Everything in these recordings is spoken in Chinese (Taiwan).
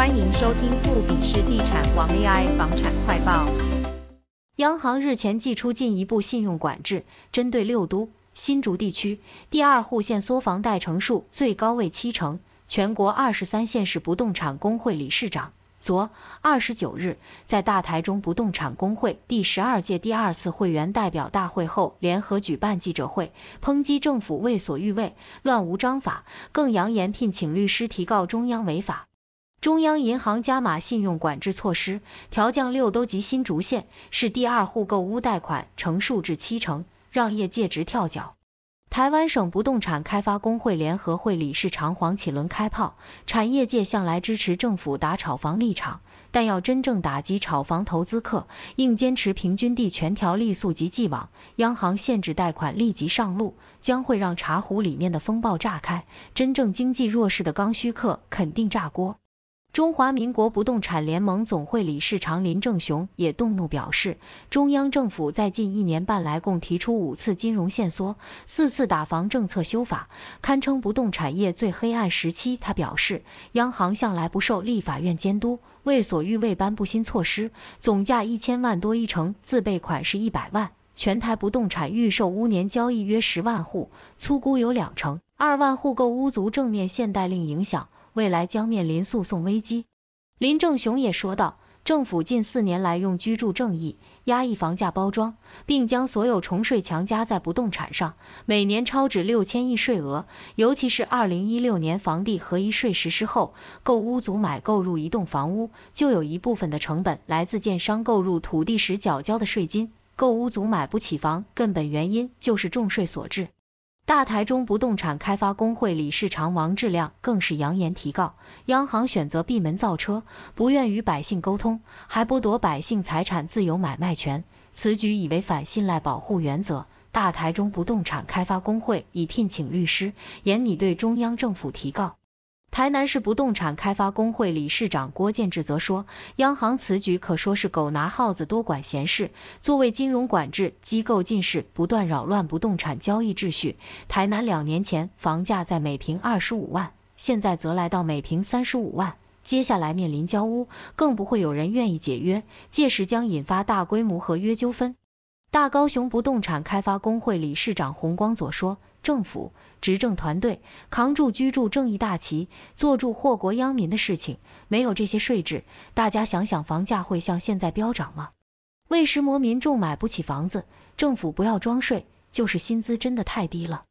歡迎收聽富比士地產王 AI 房產快報。央行日前祭出進一步信用管制，針對六都新竹地區第二戶限縮房貸成數最高為七成。全國二十三縣市不動產公會理事長昨二十九日在大台中不動產公會第十二屆第二次會員代表大會後聯合舉辦記者會，抨擊政府為所欲為、亂無章法，更揚言聘請律師提告中央違法。中央銀行加碼信用管制措施，調降六都及新竹縣市第二戶購屋貸款成數至七成，讓業界直跳腳。台灣省不動產開發公會聯合會理事長黃啟倫開炮：產業界向來支持政府打炒房立場，但要真正打擊炒房投資客，應堅持平均地權條例溯及既往，央行限制貸款立即上路，將會讓茶壺裡面的風暴炸開，真正經濟弱勢的剛需客肯定炸鍋。中華民國不動產聯盟總會理事長林正雄也動怒表示，中央政府在近一年半來共提出五次金融限縮、四次打房政策修法，堪稱不動產業最黑暗時期。他表示，央行向來不受立法院監督，為所欲為，頒布新措施，總價一千萬多一成自備款是一百萬，全台不動產預售屋年交易約十萬戶，粗估有兩成二萬戶購屋族正面限貸令影響，未來將面臨訴訟危機。林正雄也說道：“政府近四年來用居住正義壓抑房價包裝，並將所有重稅強加在不動產上，每年超值六千億稅額。尤其是二零一六年房地合一稅實施後，購屋族買購入一棟房屋，就有一部分的成本來自建商購入土地時繳交的稅金。購屋族買不起房，根本原因就是重稅所致。”大台中不動產開發公會理事長王至亮更是揚言提告。央行選擇閉門造車，不願與百姓溝通，還剝奪百姓財產自由買賣權，此舉已違反信賴保護原則。大台中不動產開發公會已聘請律師，研擬對中央政府提告。台南市不動產開發公會理事長郭建志則說：“央行此舉可說是狗拿耗子多管閒事，作為金融管制機構，盡是不斷擾亂不動產交易秩序。台南兩年前房價在每坪二十五萬，現在則來到每坪三十五萬，接下來面臨交屋，更不會有人願意解約，屆時將引發大規模合約糾紛。”大高雄不動產開發公會理事長洪光佐說。政府執政團隊扛住“居住正義”大旗，做住禍國殃民的事情。沒有這些稅制，大家想想房價會像現在飆漲嗎？為什麼民眾買不起房子，政府不要裝睡，就是薪資真的太低了。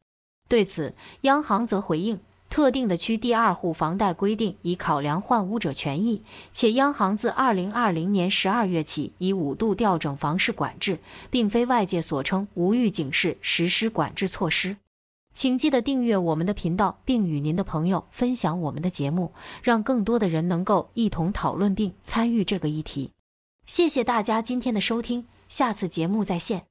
對此，央行則回應：特定的區第二戶房貸規定以考量換屋者權益，且央行自二零二零年十二月起已五度調整房市管制，並非外界所稱無預警式實施管制措施。請記得訂閱我們的頻道，並與您的朋友分享我們的節目，讓更多的人能夠一同討論並參與這個議題。謝謝大家今天的收聽，下次節目再見。